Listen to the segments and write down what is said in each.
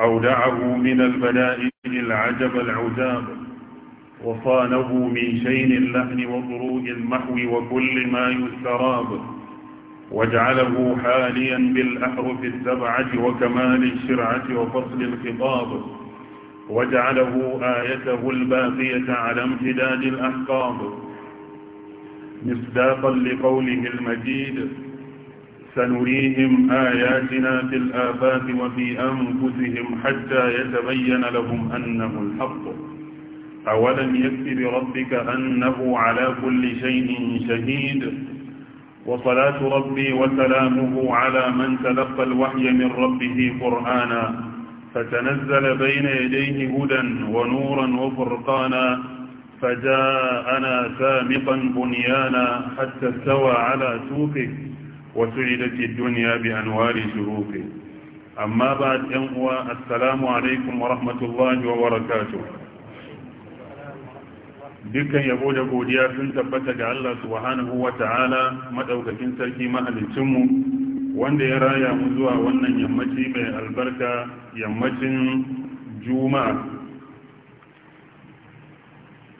أودعه من البلاء العجب العجاب وصانه من شين اللحن وضروء المحو وكل ما يستراب واجعله حاليا بالأحرف السبعة وكمال الشرعة وفصل الخطاب واجعله آيته الباقية على امتداد الأحقاب مصداقا لقوله المجيد سنريهم آياتنا في الآفاق وفي أنفسهم حتى يتبين لهم أنه الحق أولم يكف بربك أنه على كل شيء شهيد وصلاة ربي وسلامه على من تلقى الوحي من ربه قرآنا فتنزل بين يديه هدى ونورا وفرقانا فجاءنا سامقا بنيانا حتى استوى على سوقه وسعدت الدنيا بأنوار شروقه أما بعد أنوى السلام عليكم ورحمة الله وبركاته dukkan yabo da godiya sun tabbata ga Allah subhanahu wa ta'ala madaukakin sarki mahalicinmu wanda ya raya mu zuwa wannan yammaci mai albarka yammacin juma'a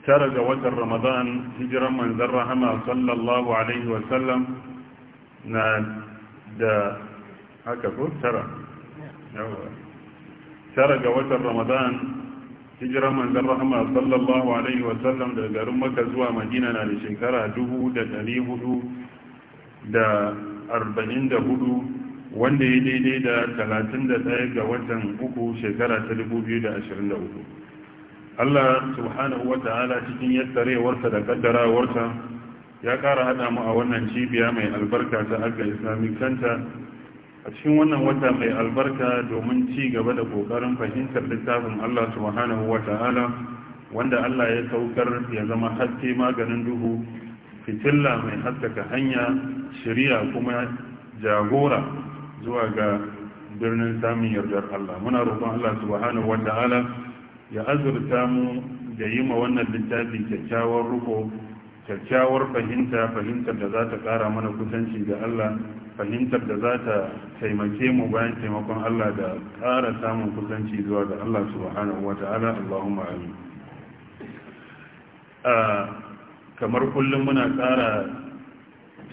tara ga watan ramadan hijiran manzan rahama sallallahu alaihi wasallam na da haka ko tara tara ga watan ramadan hijirar manzan rahama sallallahu alaihi wasallam daga garin maka zuwa madina na da shekara 4,444 wanda ya daidai da 31 ga watan uku shekara ta 2023 Allah subhanahu wa ta'ala cikin yattarewarsa da kaddarawarsa ya ƙara haɗa mu a wannan cibiya mai albarka ta aka islamic kanta a cikin wannan wata mai albarka domin ci gaba da ƙoƙarin fahimtar littafin allah subhanahu wa ta'ala wanda allah ya saukar ya zama haske maganin duhu fitilla mai haskaka hanya shirya kuma jagora zuwa ga birnin samun yardar allah muna roƙon allah subhanahu wa ta'ala ya azurta mu da yi ma wannan littafin kyakkyawar ruko kyakkyawar fahimta fahimtar da za ta ƙara mana kusanci ga Allah fahimtar da za ta taimake mu bayan taimakon Allah da ƙara samun kusanci zuwa ga Allah subhanahu wa ta'ala Allahumma amin kamar kullum muna ƙara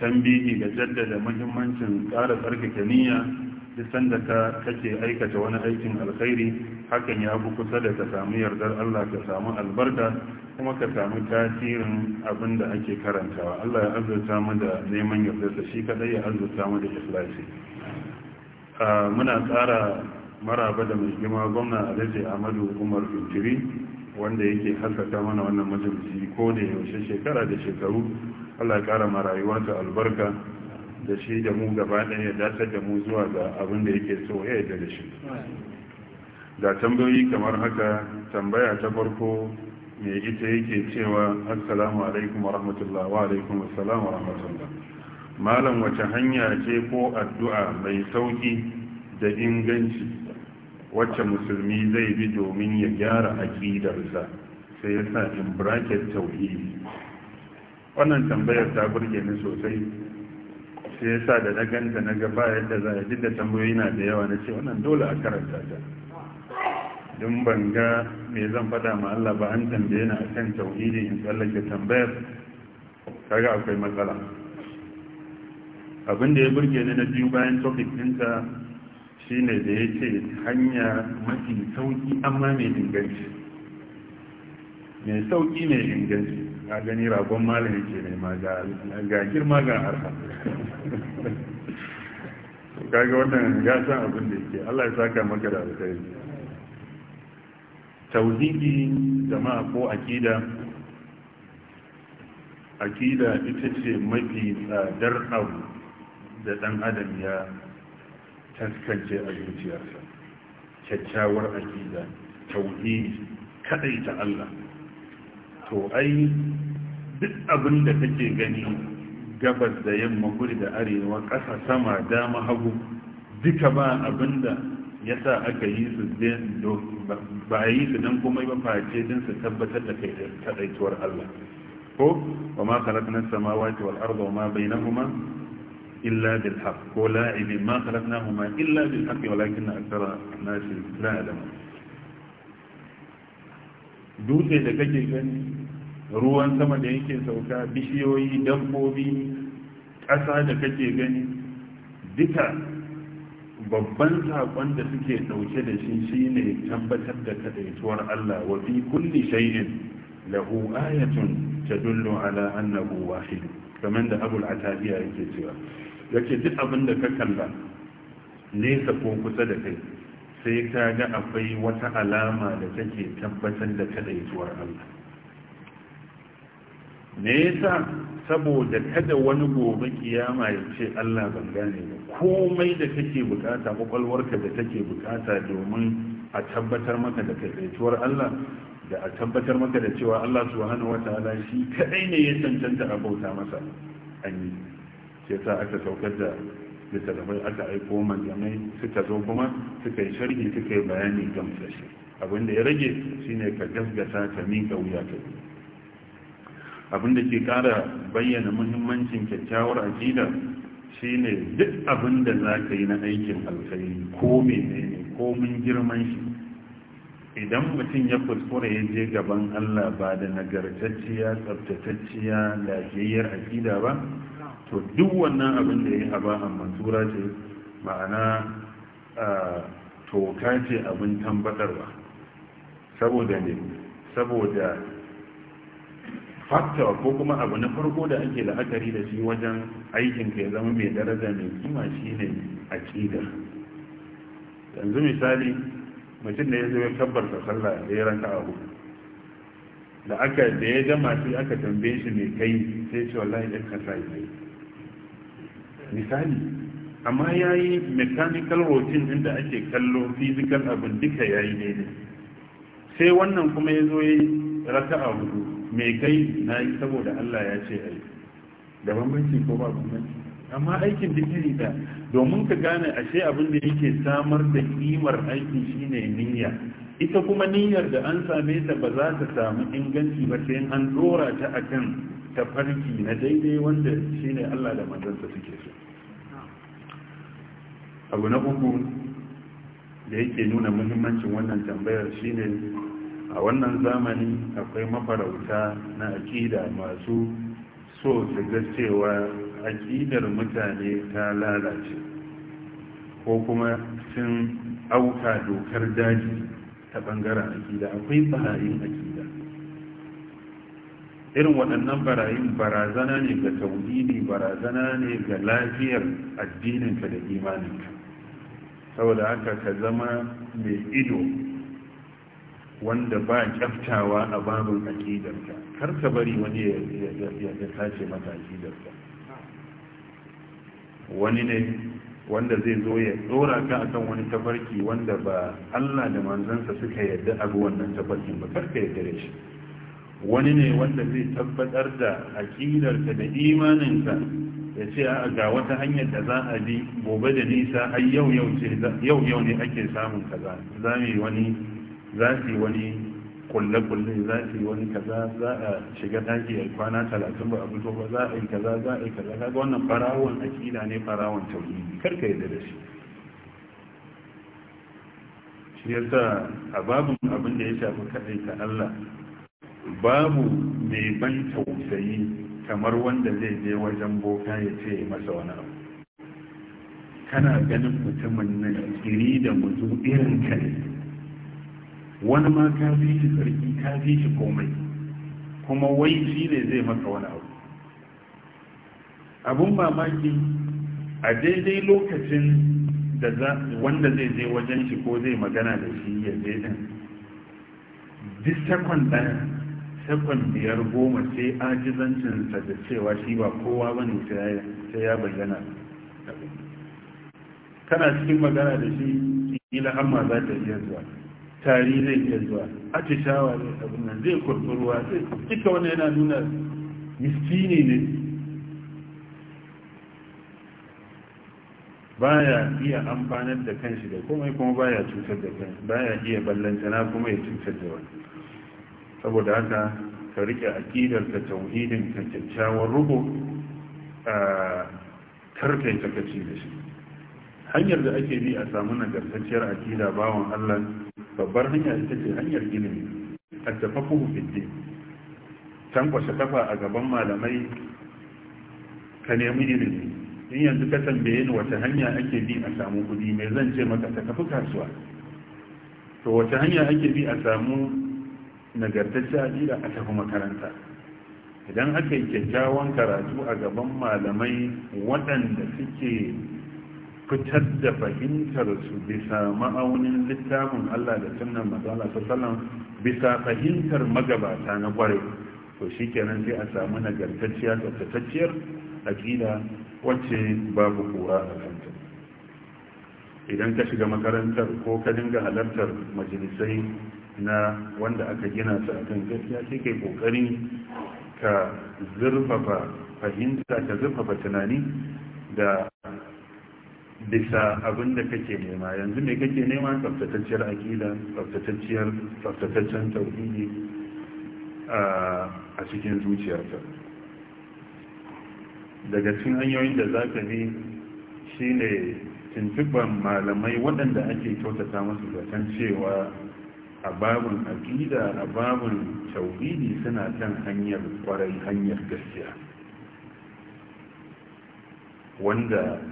tambihi ga jaddada muhimmancin ƙara tsarkake niyya duk sanda ka kake aikata wani aikin alkhairi hakan ya fi kusa da ka samu yardar Allah ka samu albarka kuma ka samu tasirin abin da ake karantawa Allah ya azurta mu da neman yardarsa shi kadai ya azurta mu da ikhlasi muna tsara maraba da mai gima gwamna Alhaji Ahmadu Umar Fintiri wanda yake haskaka mana wannan majalisi ko da yaushe shekara da shekaru Allah ya kara ma ta albarka da shi da mu gaba ɗaya ya datar da mu zuwa ga abin da yake so ya yi da shi da tambayoyi kamar haka tambaya ta farko mai ita yake cewa assalamu alaikum wa rahmatullah wa alaikum assalamu wa rahmatullah malam wace hanya ce ko addu'a mai sauki da inganci wacce musulmi zai bi domin ya gyara aƙidarsa sai yasa in bracket tauhidi wannan tambayar ta burge ni sosai sai ya sa da na ganta na gaba yadda za a da tambayoyi na da yawa na ce wannan dole a karanta ta don ban ga me zan fada ma Allah ba an tambaye na akan tauhidi in tsallake tambayar kaga akwai matsala abin da ya burge ni na biyu bayan topic ɗinta shine da ya ce hanya mafi sauƙi amma mai inganci mai sauƙi mai inganci a gani ragon malami ke ma, ga girma ga arha kaga wannan ya abin da yake Allah ya saka maka da alkhairi tauhidi jama'a ko akida akida ita ce mafi tsadar abu da dan adam ya taskance a zuciyarsa kyakkyawar akida tauhidi kadai ta Allah to ai duk abin da kake gani gabas da yamma kudu da arewa ƙasa sama dama hagu duka ba abin da ya sa aka yi su ba a yi su don komai ba face don su tabbatar da kaɗaituwar Allah ko ba ma khalaqna samawati wal arda wa ma bainahuma illa bil haqq ko la'ibin ma na kuma illa bil haqq walakin akthara an-nas la ya'lamun dutse da kake gani ruwan sama da yake sauka bishiyoyi dabbobi ƙasa da kake gani duka babban saƙon da suke ɗauke da shi shi ne tabbatar da kadaituwar Allah wa fi kulli shay'in lahu ayatun tadullu ala annahu wahid kamar da Abu al-Atabiya yake cewa yake duk abin da ka kalla nesa ko kusa da kai sai ka ga akwai wata alama da take tabbatar da kadaituwar Allah me yasa saboda kada wani gobe kiyama ya ce Allah ban gane ba komai da kake bukata kwakwalwarka da take bukata domin a tabbatar maka da kaitaituwar Allah da a tabbatar maka da cewa Allah subhanahu wataala shi kadai ne ya cancanta a bauta masa an yi sai sa aka saukar da littattafai aka aiko malamai suka zo kuma suka yi sharhi suka yi bayani gamsashi abin da ya rage shine ka gasgata ka miƙa wuya ka abin da ke kara bayyana muhimmancin kyakkyawar aƙida shine duk abin da za ka yi na aikin alkhairi ko ne, ko mun girman shi idan mutum ya kuskura ya je gaban Allah ba da nagartacciya tsabtatacciya lafiyayyar aƙida ba to duk wannan abin da ya yi haba a mansura ce ma'ana toka ce abin tambatarwa saboda ne saboda fakta ko kuma abu na farko da ake la'akari da shi wajen aikin ka ya zama mai daraja mai kima shi ne a aqida yanzu misali mutum da ya zo ya kabbarta sallah ya yi abu. da aka da ya gama sai aka tambaye shi mai kai sai ce wallahi sa yi misali amma ya yi mechanical routine inda ake kallo physical abin duka ya yi daidai sai wannan kuma ya zo ya yi abu. Mai kai na yi saboda Allah ya ce ai da bambanci ko ba bambanci amma aikin duk iri da domin ka gane ashe abin da yake samar da kimar aiki shine niyya ita kuma niyyar da an same ta ba za ta samu inganci ba sai an dora ta akan tafarki na daidai wanda shine Allah da manzansa suke so abu na uku da yake nuna muhimmancin wannan tambayar shine a wannan zamani akwai mafarauta na aƙida masu so su ga cewa akidar mutane ta lalace ko kuma sun auka dokar daji ta ɓangaren aƙida akwai barayin aƙida irin waɗannan barayin barazana ne ga tauhidi barazana ne ga lafiyar addininka da imaninka saboda haka ka zama mai ido wanda ba kyaftawa a babin aƙidarka kar ka bari wani ya tace mata aƙidarka wani ne wanda zai zo ya tsora ka akan wani tafarki wanda ba Allah da manzansa suka yarda abu wannan tafarkin ba karka yarda da shi wani ne wanda zai tabbatar da aƙidarka da imaninka ya ce a ga wata hanyar da za a bi gobe da nisa ai yau yau ne ake samun kaza za mu yi wani za su yi wani kulle-kulle za su yi wani kaza za a shiga daji a kwana talatin ba a fito ba za a yi kaza za a yi kaza kaga wannan farawon akida ne farawon Kar karka yadda da shi shi sa a babin abin da ya shafi kaɗai ta Allah babu mai ban tausayi kamar wanda zai je wajen boka ya ce masa wani abu kana ganin mutumin nan iri da mutu irin ka wani ma ka fi shi sarki ka fi shi komai kuma wai shi ne zai maka wani abu abun mamaki a daidai lokacin da wanda zai je wajen shi ko zai magana da shi ya je din duk sakon ɗaya sakon biyar goma sai ajizancinsa da cewa shi ba kowa ba ne sai ya bayyana kana cikin magana da shi kila amma za ta iya zuwa tari zai iya zuwa atishawa zai abin nan zai kurkurwa sai cika wani yana nuna miskini ne baya iya amfanar da kanshi da komai kuma baya cutar da kanshi baya iya ballantana kuma ya cutar da wani saboda haka ka rike aqidar ka tauhidin ka kyakkyawar rubo a karkai takaci da shi hanyar da ake bi a samu nagartacciyar akida bawon Allah babbar hanya ita ce hanyar ilimi a tafafuhu fiddi tankwashe kafa a gaban malamai ka nemi ilimi in yanzu ka tambaye ni wata hanya ake bi a samu kudi mai zan ce maka ta tafi kasuwa to wata hanya ake bi a samu nagartacce aƙida a tafi makaranta idan aka yi kyakkyawan karatu a gaban malamai waɗanda suke fitar da fahimtar su bisa ma'aunin littafin Allah da sunnan mazala ta bisa fahimtar magabata na kware to shi kenan sai a samu nagartacciyar tsaftatacciyar aƙida wacce babu kura a kanta idan ka shiga makarantar ko ka dinga halartar majalisai na wanda aka gina su a akan gaskiya sai kai kokarin ka zurfafa fahimta ka zurfafa tunani da bisa abin da kake nema yanzu me kake nema tsaftatacciyar aƙida tsaftatacciyar tsaftataccen tauhidi a cikin zuciyarta? daga cikin hanyoyin da za ka bi shi ne tuntuban malamai waɗanda ake kyautata musu zaton cewa a babin aƙida a babun tauhidi suna kan hanyar kwarai hanyar gaskiya wanda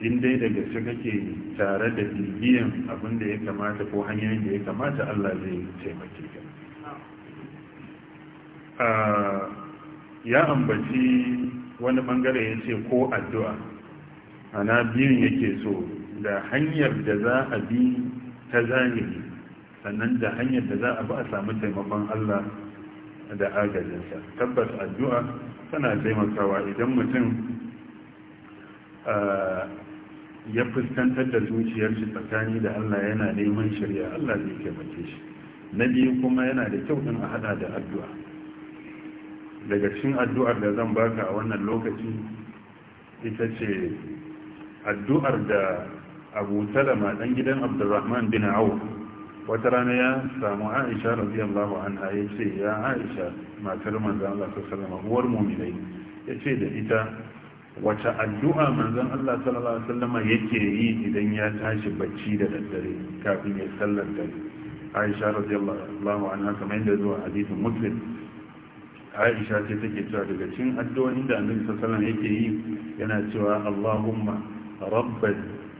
in dai da gaske kake tare da bibiyan abin da ya kamata ko hanyoyin da ya kamata Allah zai taimake ka ya ambaci wani bangare ya ce ko addu'a ana biyun yake so da hanyar da za a bi ta zahiri sannan da hanyar da za a bi a samu taimakon Allah da agajinsa tabbas addu'a tana taimakawa idan mutum ya fuskantar da zuciyar shi tsakani da Allah yana neman shirya Allah zai taimake shi na biyu kuma yana da kyau din a hada da addu'a daga cikin addu'ar da zan baka a wannan lokaci ita ce addu'ar da Abu Salama dan gidan Abdurrahman bin Awu, wata rana ya samu Aisha radiyallahu anha yace ya Aisha matar manzon Allah sallallahu alaihi wasallam uwar mu'minai ce da ita wata addu'a manzon Allah sallallahu alaihi wasallam yake yi idan ya tashi bacci da daddare kafin ya sallar dare Aisha radiyallahu anha kamar yadda zuwa hadisin Muslim Aisha ce take cewa daga cikin addu'o'in da Annabi sallallahu alaihi wasallam yake yi yana cewa Allahumma rabb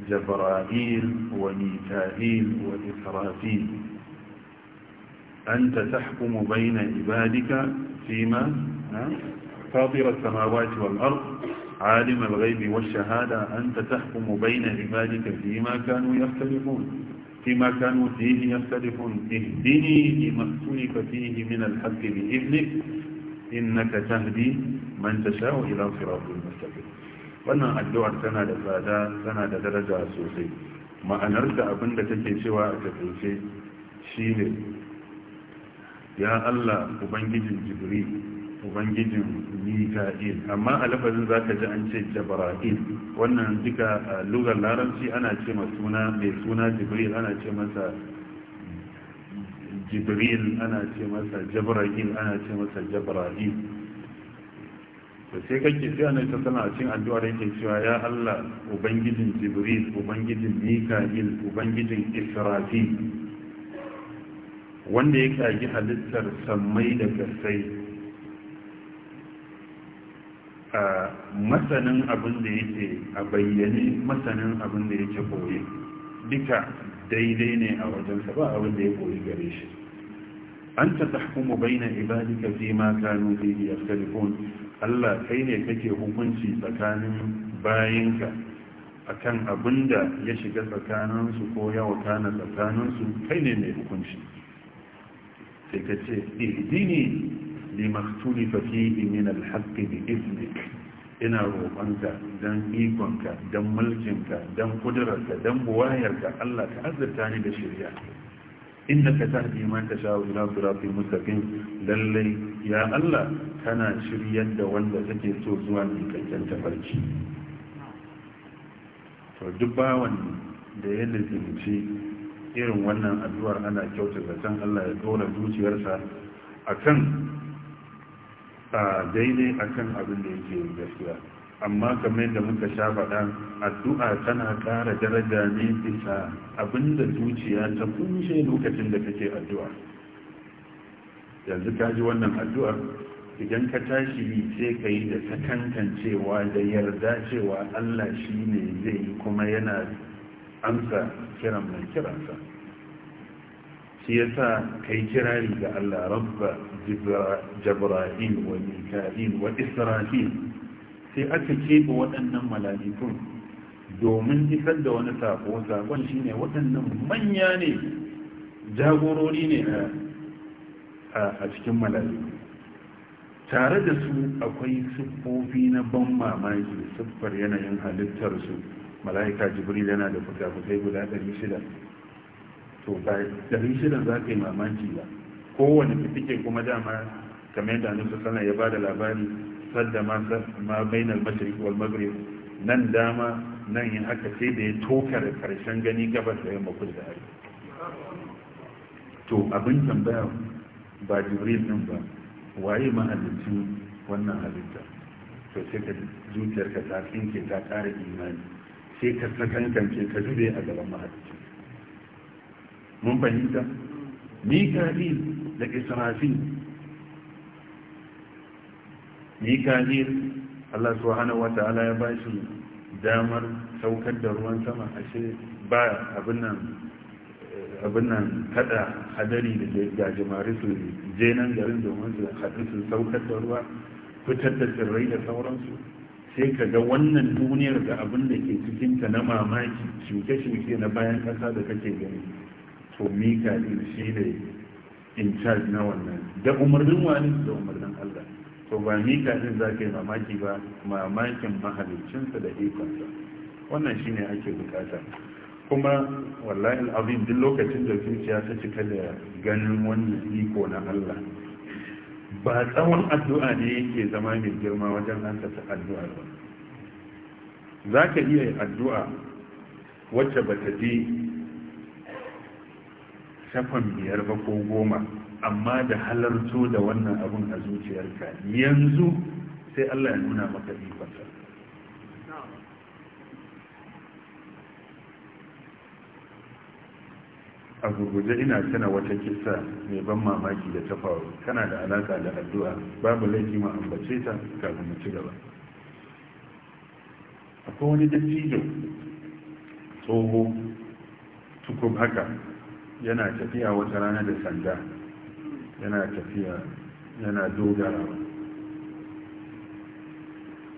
جبرائيل وميكائيل وإسرافيل أنت تحكم بين عبادك فيما فاطر السماوات والأرض عالم الغيب والشهادة أنت تحكم بين عبادك فيما كانوا يختلفون فيما كانوا فيه يختلفون اهدني لما اختلف فيه من الحق بإذنك إنك تهدي من تشاء إلى صراط المستقيم وأنا الدعاء tana da tsada tana da daraja sosai ma'anarta abin da take cewa a takaice shine ya ubangijin mika'il amma a lafazin za ka ji an ce jabra'il wannan duka a lugar larabci ana ce suna mai suna jibril ana ce masa jibril ana ce masa jabra'il ana ce masa jabra'il da sai kake sai ana ta sana cin addu'a yake cewa ya allah ubangijin jibril ubangijin mika'il ubangijin israfil wanda ya kagi halittar sammai da gasai A masanin abin da yake a bayyane masanin abin da yake koyi duka daidai ne a wajensa ba abin da ya koyi gare shi an ta tahkumu baina ibadika fi ma kanu fi yaftalifun Allah kai ne kake hukunci tsakanin bayinka akan abin da ya shiga tsakaninsu ko ya wakana tsakaninsu kai ne mai hukunci sai ka ce ihdini lima tulifa fihi min alhaqqi bi iznik ina roƙonka don ikonka don mulkinka don kudurarka don buwayarka Allah ka azurta ni da shirya inda ka tahdi man tasha ila siratin mustaqim lallai ya Allah kana shiryar da wanda kake so zuwa cikakken tafarki to duk bawan da ya nufinci irin wannan addu'ar ana kyauta zaton Allah ya dora zuciyarsa akan A daidai akan abin da yake gaskiya amma kamar da muka sha faɗa addu'a tana ƙara daraja ne bisa abin da zuciya ta kunshe lokacin da kake addu'a yanzu ka ji wannan addu'a idan ka tashi yi sai ka yi da sakantancewa da yarda cewa allah shi ne zai yi kuma yana amsa kiran mai kiransa shi yasa kai kirari ga Allah rabba jibril wa mika'il wa israfil sai aka keɓe waɗannan mala'ikun domin isar da wani sako shi shine waɗannan manya ne jagorori ne a cikin mala'iku tare da su akwai siffofi na ban mamaki siffar yanayin halittarsu mala'ika jibril yana da fuka-fukai guda 600 to ba ɗari shirin za ka yi mamaki ba kowane fitike kuma dama kamar yadda su sana ya ba da labari sadda ma ma bainal mashriq wal maghrib nan dama nan yin haka sai da ya tokar karshen gani gabas da yamma kudu da hari to abin tambaya ba jibril din ba waye ma wannan halitta to sai ka zuciyarka ta tsinke ta ƙara imani sai ka sakankance ka zube a gaban mahalicci mun fahimta mika'il da israfil mika'il Allah subhanahu wa ta'ala ya ba shi damar saukar da ruwan sama ashe ba abin nan abin nan kada hadari da jajimari su je nan garin domin su haɗu su saukar da ruwa fitar da tsirrai da sauransu sai ka ga wannan duniyar da abin da ke cikinta na mamaki shuke-shuke na bayan ƙasa da kake gani to din shi ne in charge na wannan da umarnin wani da umarnin allah to ba mika'il za ka yi mamaki ba mamakin mahalicinsa da ikonsa wannan shi ne ake bukata kuma wallahi azim duk lokacin da zuciya ta cika da ganin wannan iko na allah ba tsawon addu'a ne yake zama mai girma wajen hankasa addu'a ba za ka iya addu'a wacce ba ta je kafan biyar ba ko goma amma da halarto da wannan abun a zuciyarka yanzu sai Allah ya nuna maka ikonsa a gurguje ina tana wata kisa mai ban mamaki da tafawa kana tana da alaka da addu'a babu laifi ma ambace ta kafin mu ci gaba akwai wani dattijo tsoho tukun haka yana tafiya wata rana da sanda yana tafiya yana dogara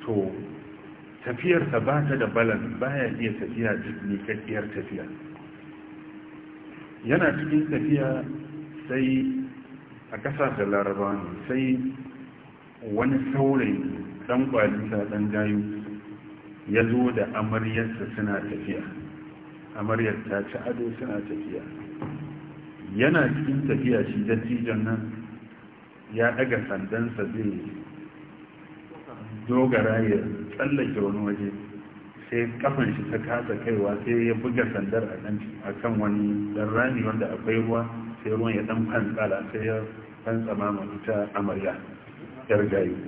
to tafiyarsa ba ta da balan baya iya tafiya kakkiyar tafiya yana cikin tafiya sai a da laraba ne sai wani saurayi ɗan kwalisa ɗan gayu ya zo da amaryarsa suna tafiya amaryar ta ci ado suna tafiya yana cikin tafiya shi dattijon nan ya daga sandansa zai dogara ya tsallake wani waje sai kafan shi ta kasa kaiwa sai ya buga sandar a kan wani dan rami wanda akwai ruwa sai ruwan ya dan fantsala sai ya fantsama ma ta amarya yar gayu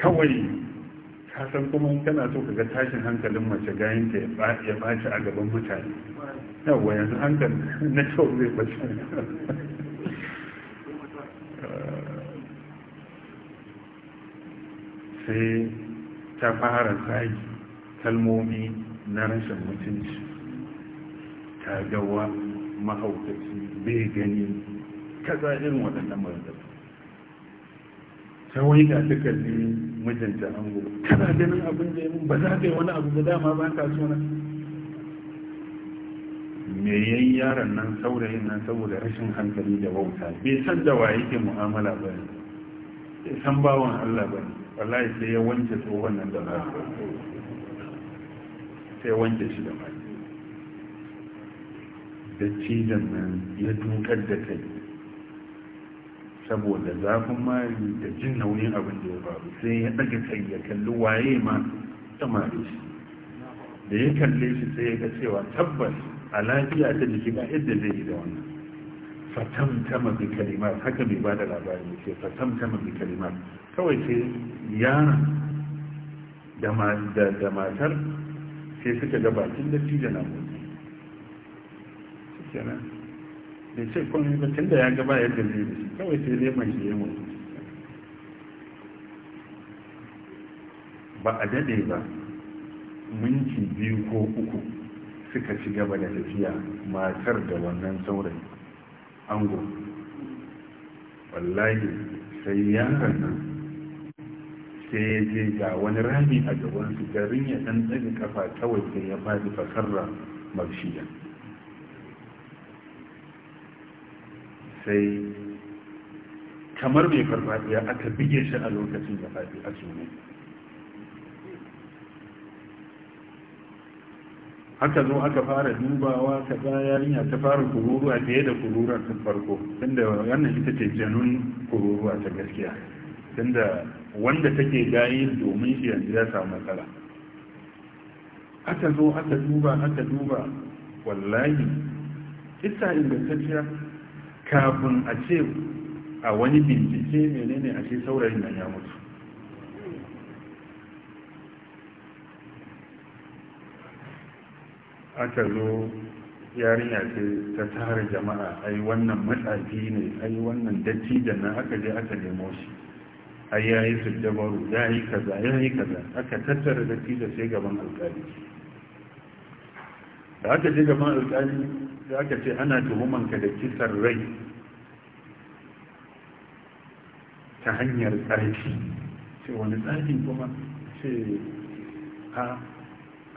kawai kasan kuma kana so ka ga tashin hankalin mace gayin ta ya baci a gaban mutane yawa yanzu hankali na kyau zai baci sai ta fara tsaki kalmomi na rashin mutunci ta gawa mahaukaci bai gani kaza irin waɗannan marar wani da ta kalli mijinta ango kana ganin abin da ya ba za ka yi wani abu da dama ba ka so na me yayi yaron nan saurayin nan saboda rashin hankali da wauta bai san da wa yake mu'amala ba ne bai san bawan Allah ba ne wallahi sai ya wanke tsohon nan da ba sai ya wanke shi da mai da cizon nan ya dukar da kai saboda zafin mari da jin nauyin abin da ya faru sai ya daga kai ya kalli waye ma samari shi da ya kalli shi sai ya ga cewa tabbas a lafiya ta jiki ba yadda zai yi da wannan ta mafi kalimar haka bai bada labari ce ta mafi kalimar kawai sai yaran da matar sai suka ga bakin da na motsi bai ce kun yi tun da ya gaba ya zai da shi kawai sai dai mai shi ba a dade ba minti biyu ko uku suka ci gaba da tafiya matar da wannan saurayi ango wallahi sai ya nan sai ya je ga wani rami a gabansu garin ya ɗan tsaga kafa kawai sai ya faɗi fasarra marshiya sai kamar mai farfadiya aka bige shi a lokacin da faɗi a sunan haka zo aka fara dubawa ta bayan yarinya ta fara kururuwa fiye da kururuwa sun farko tunda wannan ita ce janun kururuwa ta gaskiya tunda wanda take gayi domin shi yanzu ya samu matsala aka zo aka duba aka duba wallahi ita ingantacciya kafin a ce a wani bincike menene a ce saurayin nan ya mutu aka zo yarinya ce ta tara jama'a ai wannan matsafi ne ai wannan datti, da nan aka je aka nemo shi ai yayi ya yi kaza ya yi kaza aka tattara datti da sai gaban alƙali da aka je gama alƙali da aka ce ana tuhumanka da kisar rai ta hanyar tsarki ce wani tsarki kuma ce a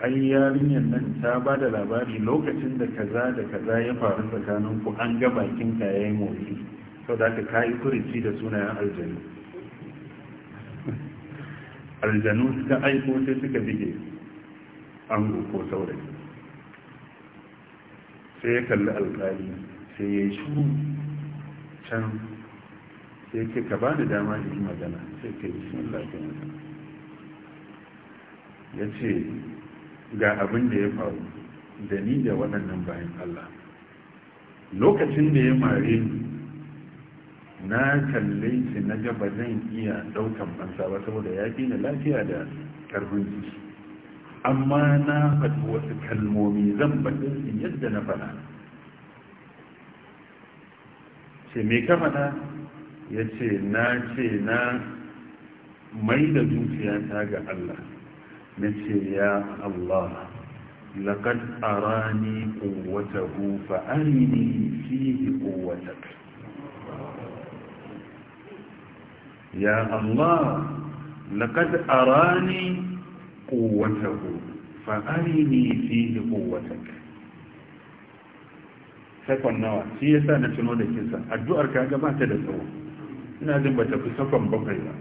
ai yarinyar nan ta ba da labari lokacin da kaza da kaza ya faru tsakanin ku an ga bakin ka yi motsi sau da aka kayi kurici da sunayen aljanu aljanu suka aiko sai suka bige ango ko saurayi sai ya kalli alkali sai ya yi shuru can sai ce ka ba da dama da yi magana sai ka yi sun na sana ya ce ga abin da ya faru da ni da waɗannan bayan Allah lokacin da ya mare ni na kalli shi na ga ba zan iya ɗaukan ɓansa ba saboda ya fi na lafiya da ƙarfin jiki amma na faɗi wasu kalmomi zan faɗi su yadda na faɗa ce me ka faɗa ya ce na ce na mai da zuciyata ga Allah na ce ya Allah لقد أراني قوته فأرني فيه قوتك يا الله لقد أراني قوته فأريني فيه قوتك sakon nawa shi ya sa na tuno da kinsa addu'ar ka ga bata da tsawo ina jin ba tafi sakon bakwai ba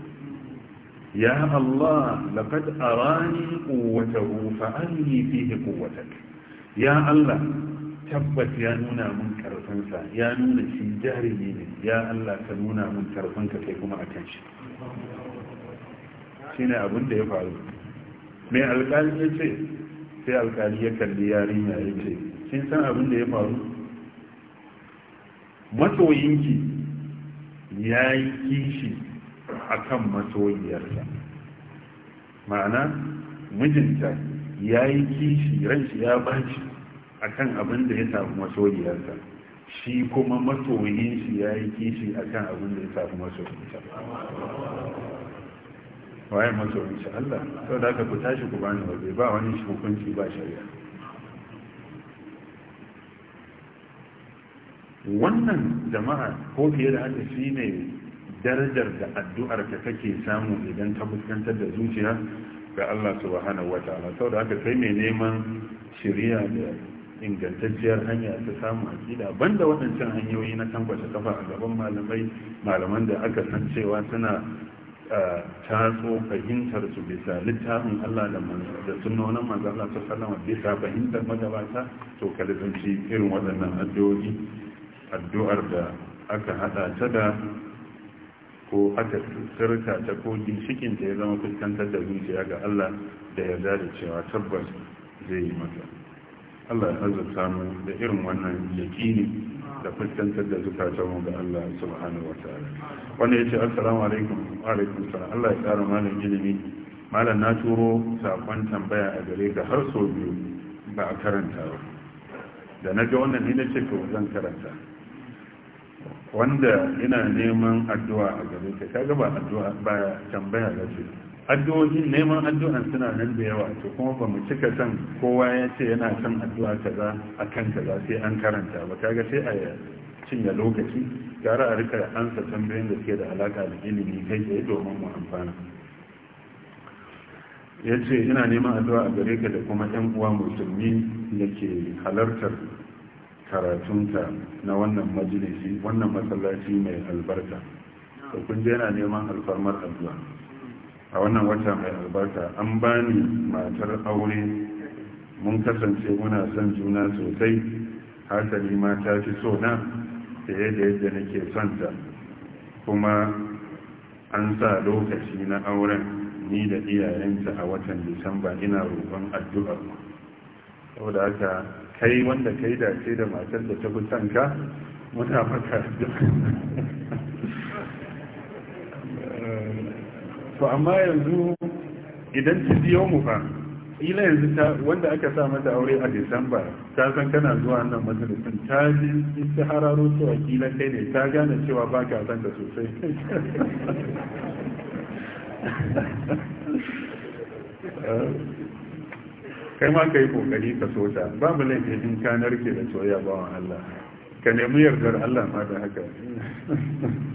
ya Allah laqad arani quwwatahu fa anni fihi quwwatak ya Allah ya nuna mun karfin sa ya nuna shi jarumi ne ya Allah ka nuna mun karfin ka kai kuma akan shi shine abin da ya faru mai alkali ya ce sai alkali ya kalli yarinya ya ce sun san abin da ya faru Matsoyinki ya yi kishi a kan masoyiyarsa ma'ana mijinta ya yi kishi ransi ya baci a kan abin da ya tafi masoyiyarsa shi kuma matoyin shi ya yi kishi a kan abin da ya tafi masoyinsa waye masoyin shi Allah sau da aka ku tashi ku bani waje ba wani hukunci ba shari'a wannan jama'a ko fiye da haka shi ne darajar da addu'ar ka kake samu idan ta fuskantar da zuciya ga Allah subhanahu wa ta'ala sau da haka kai mai neman shari'a da ingantacciyar hanya ta samu akida da waɗancan hanyoyi na tankwace kafa a gaban malamai malaman da aka san cewa suna so fahimtar su bisa littafin Allah da da sunnonin manzo Allah ta sallama bisa fahimtar magabata to ka lizanci irin waɗannan addu'o'i addu'ar da aka hada ta da ko aka sirka ta ko ginshikin ta ya zama fuskantar da zuciya ga Allah da yarda da cewa tabbas zai yi mata Allah ya azurta mu da irin wannan yaƙini da fuskantar da zukatanmu ga Allah subhanahu wa ta'ala wanda yace assalamu alaikum wa alaikum salam Allah ya kara malam ilimi malam na turo sakon tambaya a gare ka har sau biyu ba a karanta ba da na ga wannan ina ce ko zan karanta wanda ina neman addu'a a gare ka kaga ba addu'a ba tambaya ce addu'o'in neman addu'an suna nan da yawa to kuma ba mu cika san kowa ya ce yana son addu'a kaza akan kaza sai an karanta ba kaga sai a cinye lokaci gara a rika ansa tambayoyin da suke da alaka da ilimi kai tsaye domin mu amfana ya ce ina neman addu'a a gare ka da kuma yan uwa musulmi da ke halartar ta na wannan majalisi wannan masallaci mai albarka to kun je yana neman alfarmar addu'a a wannan wata mai albarka an bani matar aure mun kasance muna son juna sosai hasali ma ta fi so na fiye da yadda nake son ta kuma an sa lokaci na auren ni da iyayenta a watan disamba ina roƙon addu'ar mu saboda haka kai wanda kai dace da matar da ta fi son ka muna maka addu'a to amma yanzu idan ta biyo mu fa ila yanzu ta wanda aka sa mata aure a disamba ta san kana zuwa nan majalisun ta ji ita hararo cewa kila kai ne ta gane cewa ba ka san ta sosai kai ma ka yi kokari ka so ta babu laifin kanar ke da soyayya wa allah ka nemi yardar allah ma da haka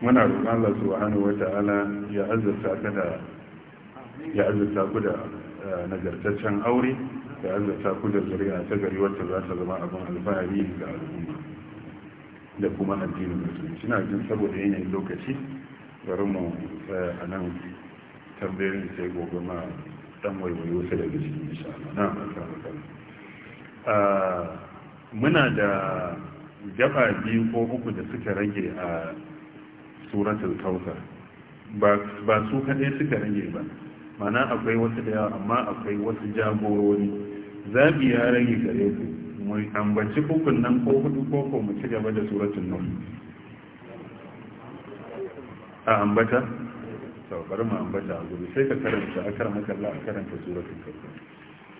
muna roƙon Allah subhanahu wata'ala ya azurta ka da ya azurta ku da eh, nagartaccen aure ya azurta ku da zuri'a ta gari wacce za ta zama abin alfahari ga al'umma da kuma addinin musulunci na jin saboda yanayi lokaci bari mu tsaya a nan tambayoyin sai gobe ma dan waiwayo sai daga cikin insha Allah na ah, muna da gaba biyu ko uku da suka rage a suratul kautsar ba su kaɗai suka rage ba mana akwai wasu da yawa amma akwai wasu jagorori zaɓi ya rage gare ku mu ambaci kukun nan ko hudu ko ko mu ci gaba da suratun nur a ambata to bari mu ambata a gudu sai ka karanta a karanta haka a karanta suratun kautsar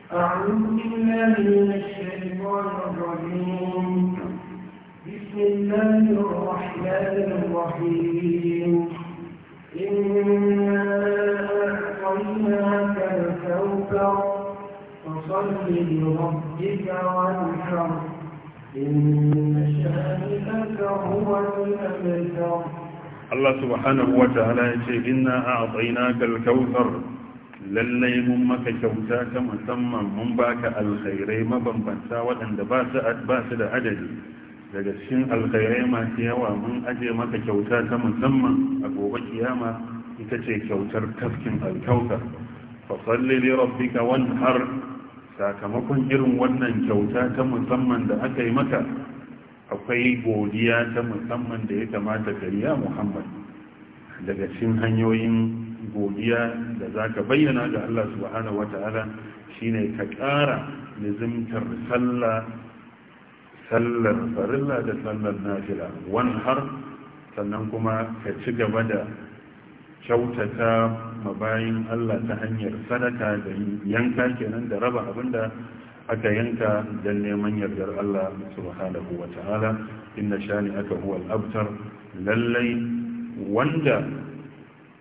أعوذ بالله من الشيطان الرجيم بسم الله الرحمن الرحيم إنا أعطيناك الكوثر فصل لربك وانحر إن هو الله سبحانه وتعالى يقول إنا أعطيناك الكوثر lallai mun maka kyauta ta musamman mun baka alkhairai mabambanta waɗanda ba su da adadi daga cikin alkhairai masu yawa mun aje maka kyauta ta musamman a gobe kiyama ita ce kyautar tafkin alkautar fasalli li rabbika wanhar sakamakon irin wannan kyauta ta musamman da aka yi maka akwai godiya ta musamman da ya kamata a muhammad daga cikin hanyoyin godiya da za ka bayyana ga allah subhanahu wata'ala shine ka ƙara nizimtar sallah sallar farilla da sallar nafila har sannan kuma ka ci gaba da kyautata mabayin Allah ta hanyar sadaka da yanka kenan da raba abinda aka yanka don neman yardar Allah subhanahu wa ta'ala inna shani aka huwa al'abtar lallai wanda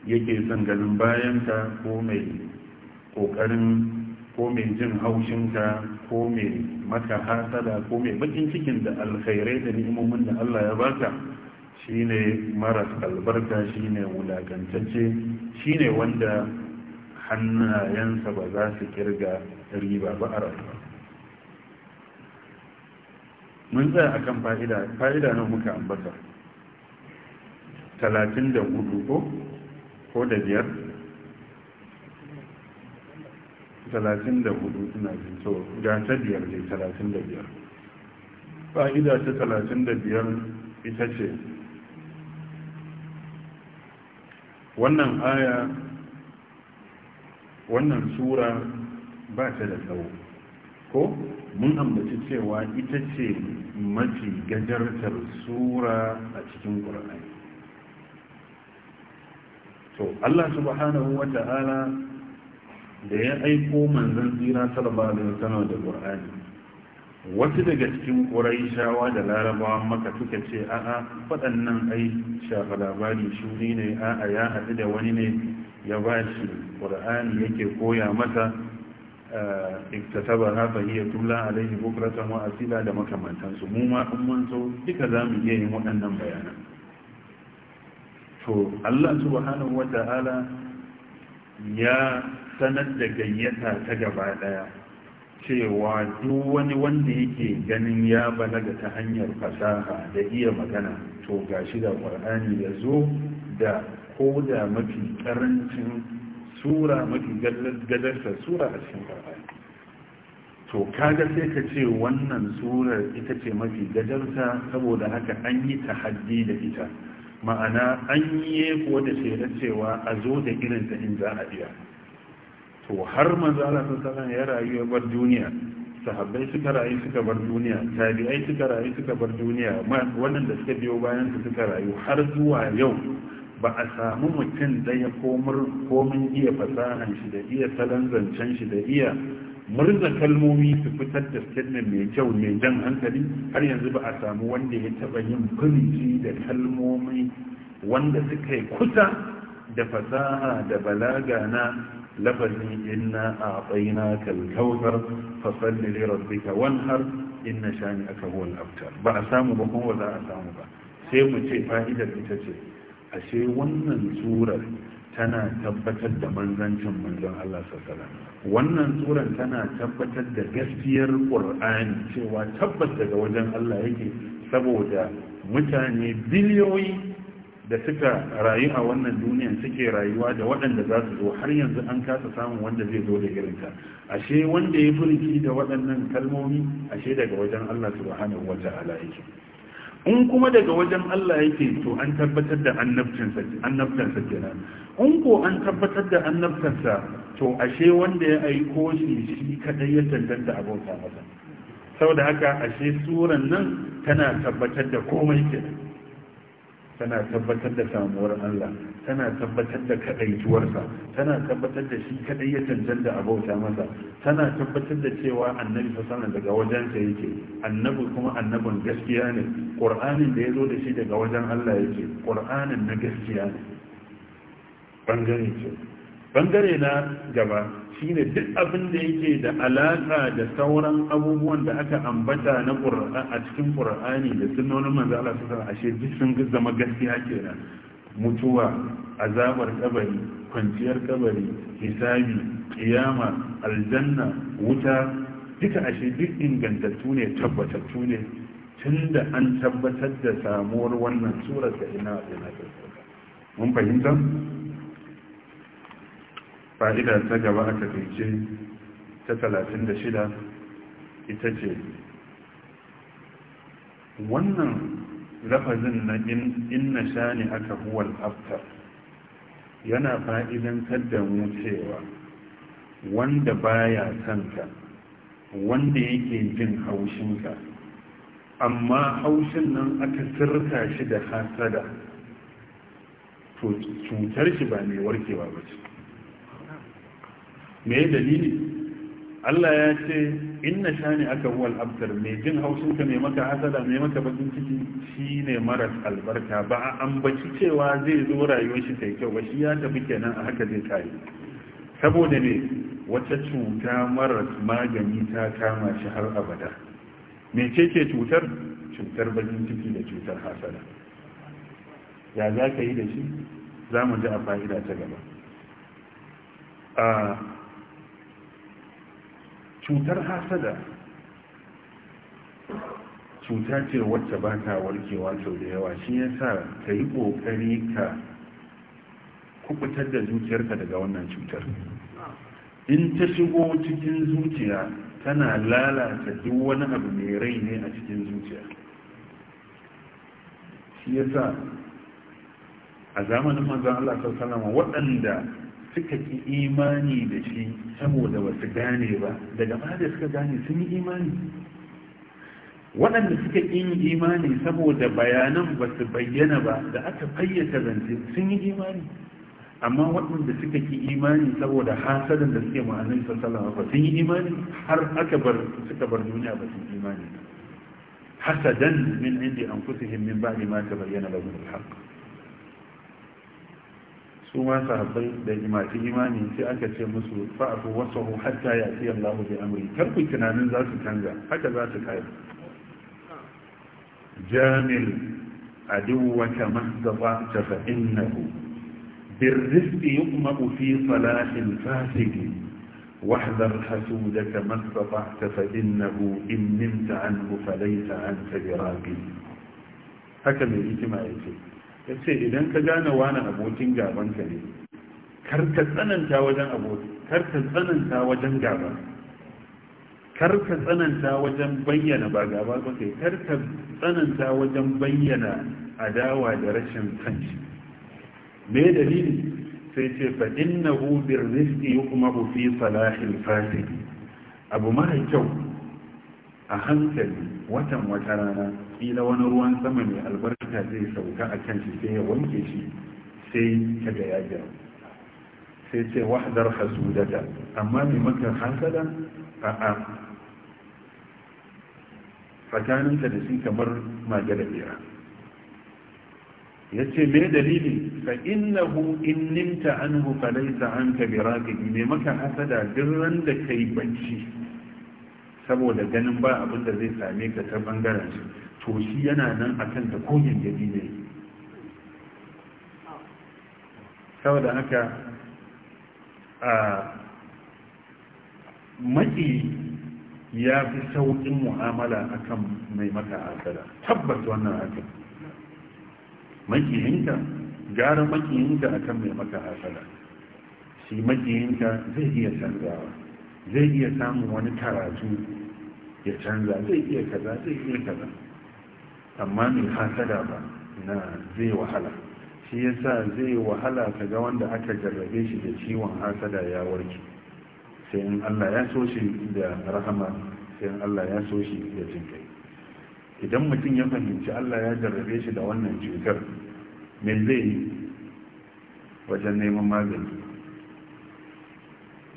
yake son ganin bayanka ko mai ƙoƙarin ko mai jin haushinka ko mai maka hasada ko mai bakin cikin da alkhairai da ni'imomin da Allah ya baka shine maras albarka shine wulakantacce shine wanda hannayensa ba za su kirga riba ba a rayuwa mun tsaya akan fa'ida fa'ida na muka ambata talatin da hudu ko da biyar talatin da hudu suna jin so ga ta biyar dai talatin da biyar fa'ida ta talatin da biyar ita ce wannan aya wannan sura ba ta da tsawo ko mun ambaci cewa ita ce mafi gajartar sura a cikin ƙur'ani to allah subhanahu wa ta'ala da ya aiko manzan tsira sallallahu alaihi sanar da qur'ani wasu daga cikin ƙuraishawa da larabawa maka suka ce a'a waɗannan ai shafa labari shuri ne a'a ya haɗu da wani ne ya ba shi ƙura'ani yake koya mata eh, ba hafa iya tula alaihi bukratan wa asila da makamantansu mu ma kun mun duka za mu iya yin waɗannan bayanan to allah subhanahu wa ta'ala ya sanar da gayyata ta gaba daya cewa duk wani wanda yake ganin ya balaga ta hanyar fasaha da iya magana to gashi da qur'ani ya zo da koda mafi karancin sura mafi gadarsa sura a cikin qur'ani to kaga sai ka ce wannan surar ita ce mafi gadarsa saboda haka an yi tahaddi da ita ma'ana an yi ko da shaidar cewa a zo da ta in za a iya to har manzo Allah san ya rayu ya bar duniya sahabbai suka rayu suka bar duniya tabi'ai suka rayu suka bar duniya wannan da suka biyo bayan su suka rayu har zuwa yau ba a samu mutum komar komin iya fasahan shi da iya salon zancen shi da iya murza kalmomi su fitar da statement mai kyau mai jan hankali har yanzu ba a samu wanda ya taba yin firji da kalmomi wanda suka yi kusa da fasaha da balaga na labarin inna a tsayina kalkautar fasalli lirarbika wanhar inna shani a kahuwar abtar ba a samu ba kuma za a samu ba sai mu ce fa'idar ita ce Ashe wannan surar tana tabbatar da manzancin manzon Allah sassara wannan tsoron tana tabbatar da gaskiyar ƙur'ani cewa tabbatar daga wajen Allah yake saboda mutane biliyoyi da suka rayu a wannan duniyan suke rayuwa da waɗanda za su zo har yanzu an kasa samun wanda zai zo da irinta ashe wanda ya furki da waɗannan kalmomi ashe daga wajen Allah subhanahu ta'ala yake in kuma daga wajen Allah yake to an tabbatar da annabcinsa annabtansa kenan in ko an tabbatar da annabtansa to ashe wanda ya aiko shi shi kadai ya tantance abota masa saboda haka ashe suran nan tana tabbatar da komai kenan tana tabbatar da samuwar Allah tana tabbatar da kadaituwarsa tana tabbatar da shi kadai ya cancanta a bauta masa tana tabbatar da cewa annabi sallallahu daga wajensa yake annabi kuma annabin gaskiya ne qur'anin da zo da shi daga wajen Allah yake qur'anin na gaskiya ne bangare ce bangare na gaba shine duk abin da yake da alaka da sauran abubuwan da aka ambata na qur'an a cikin ƙur'ani da sunnonin manzo Allah sallallahu alaihi wasallam ashe duk sun zama gaskiya kenan mutuwa azabar kabari kwanciyar kabari hisabi kiyama aljanna wuta duka ashe duk ingantattu ne tabbatattu ne tunda an tabbatar da samuwar wannan sura da ina ina mun fahimta fa'ida ta gaba aka fice ta 36 ita ce wannan lafazin na inna shani aka huwal aftar yana fa'idan da cewa wanda baya santa wanda yake jin haushinka amma haushin nan aka sirta shi da hasada to cutar shi ba mai warkewa ba ce me dalili Allah ya ce inna shani aka huwal abtar mai jin haushinka mai maka hasada mai maka bakin ciki shine maras albarka ba An ambaci cewa zai zo rayuwar shi ta kyau ba shi ya tafi kenan a haka zai kare saboda ne wata cuta maras magani ta kama shi har abada me ce cutar cutar bakin ciki da cutar hasada ya za ka yi da shi za mu ji a fa'ida ta gaba ah, cutar hasada cuta ce wacce ba ta warkewa sau da yawa shi ya sa ka yi ƙoƙari ka kubutar da zuciyarka daga wannan cutar in ta shigo cikin zuciya tana lalata duk wani abu mai rai ne a cikin zuciya shi ya sa a zamanin manzan Allah salama waɗanda suka ki imani da shi saboda wasu gane ba daga ba da suka gane sun yi imani waɗanda suka yi imani saboda bayanan ba su bayyana ba da aka fayyace zance sun yi imani amma waɗanda suka ki imani saboda hasadin da suke ma'anin sassalama ba sun yi imani har aka bar suka bar duniya ba sun imani hasadan min indi an kusuhin min ne ma ta bayyana ba al su ma sahabbai da masu imani sai aka ce musu fa'afu wasahu hatta ya fi Allah bi amri kar ku tunanin za su canza haka za su kai jamil aduwaka mahdafa ta fa innahu بالرزق يطمأ في صلاح الفاسد واحذر حسودك ما استطعت فإنه إن نمت عنه فليس عنك براقي هكذا الإجتماع يقول ya ce idan ka gane wani abokin gaban ka ne kar ka tsananta wajen abokin kar ka tsananta wajen gaba kar ka tsananta wajen bayyana ba gaba ba kai kar ka tsananta wajen bayyana adawa da rashin sanci me dalili sai ce fa innahu birrizqi yukmahu fi salahil fasid abu mai kyau a hankali watan wata rana kila wani ruwan sama mai albarka zai sauka a kan shi sai ya wanke shi sai ka ga ya gyaru sai ce wahdar hasudata amma mai maka hasada a'a tsakaninka da shi kamar magana bera ya ce me dalili fa innahu in nimta anhu an laysa anka biraqi me maka hasada duk ran da kai bacci saboda ganin ba abin da zai same ka ta bangaren to shi yana nan akan da kogin gadi ne saboda haka a maki ya fi sauƙin mu'amala akan mai maka asara tabbas wannan haka makiyinka gara makiyinka akan mai maka asara shi makiyinka zai iya canzawa zai iya samun wani karatu ya canza zai iya kaza zai iya kaza amma mai hasada ba na zai wahala shi yasa zai wahala ka ga wanda aka jarrabe shi da ciwon hasada ya warke sai in Allah ya so shi da rahama sai in Allah ya so shi da jin kai idan mutum ya fahimci Allah ya jarrabe shi da wannan cutar me zai yi wajen neman magani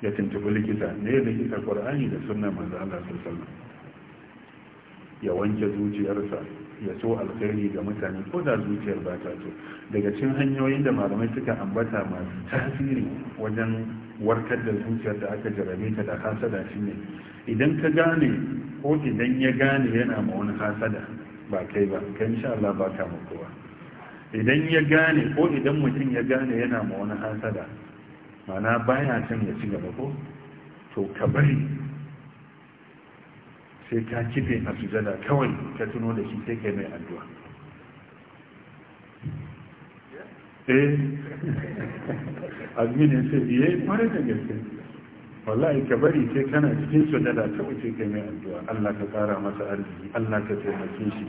ya tuntubi likita ne likita ƙwar'ani da sunna manzo Allah sallallahu ya wanke zuciyarsa ya so alkhairi ga mutane ko da zuciyar ba ta so daga cikin hanyoyin da malamai suka ambata masu tasiri wajen warkar da zuciyar da aka jarabe ta da hasada shine idan ka gane ko idan ya gane yana ma wani hasada ba kai ba kai insha Allah ba ka kowa idan ya gane ko idan mutum ya gane yana ma wani hasada mana baya son ya ci gaba ko to ka bari sai ka kife a sujada kawai ka tuno da shi sai kai mai addu'a eh azmini sai biye kwarai eh, da gaske wallahi ka bari sai kana cikin sujada kawai sai kai mai addu'a Allah ka kara masa arziki Allah ka taimake shi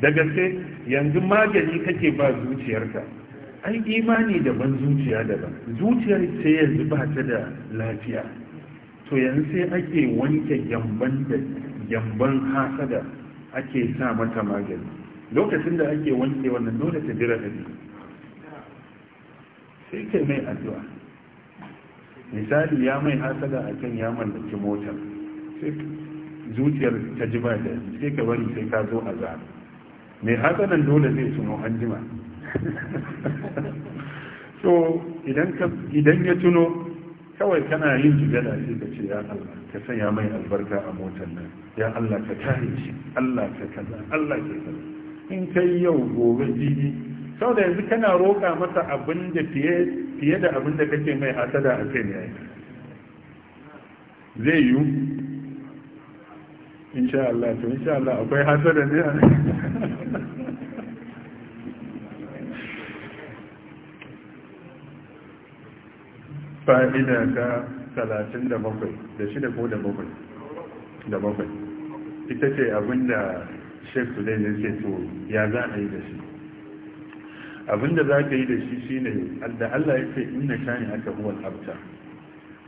da gaske yanzu magani kake ba zuciyarka ai imani daban zuciya daban zuciyar sai yanzu ba ta da lafiya to yanzu sai ake wanke gyamban hasada ake sa mata magani lokacin da ake wanke wannan dole ta jira da sai kai mai addu'a misali ya mai hasada a kan ya mallaki motar sai zuciyar ta ji ba da sai ka bari sai ka zo a zaɓi mai hasadan dole zai suno an jima so idan ya tuno kawai kana yin jigada sai ka ce ya Allah ka sanya mai albarka a motar nan ya Allah ka tare shi Allah ka kaza Allah ka kaza in kai yau gobe jibi sau da yanzu kana roƙa masa abin da fiye da abin da kake mai hasada a kai ne zai yiwu insha Allah to insha Allah akwai hasada ne fa'ida ta 37 da ko da bakwai ita ce abinda shek su dai ne to ya za a yi da shi abinda za ka yi da shi shi ne da allah ya ce inna shani aka huwa abta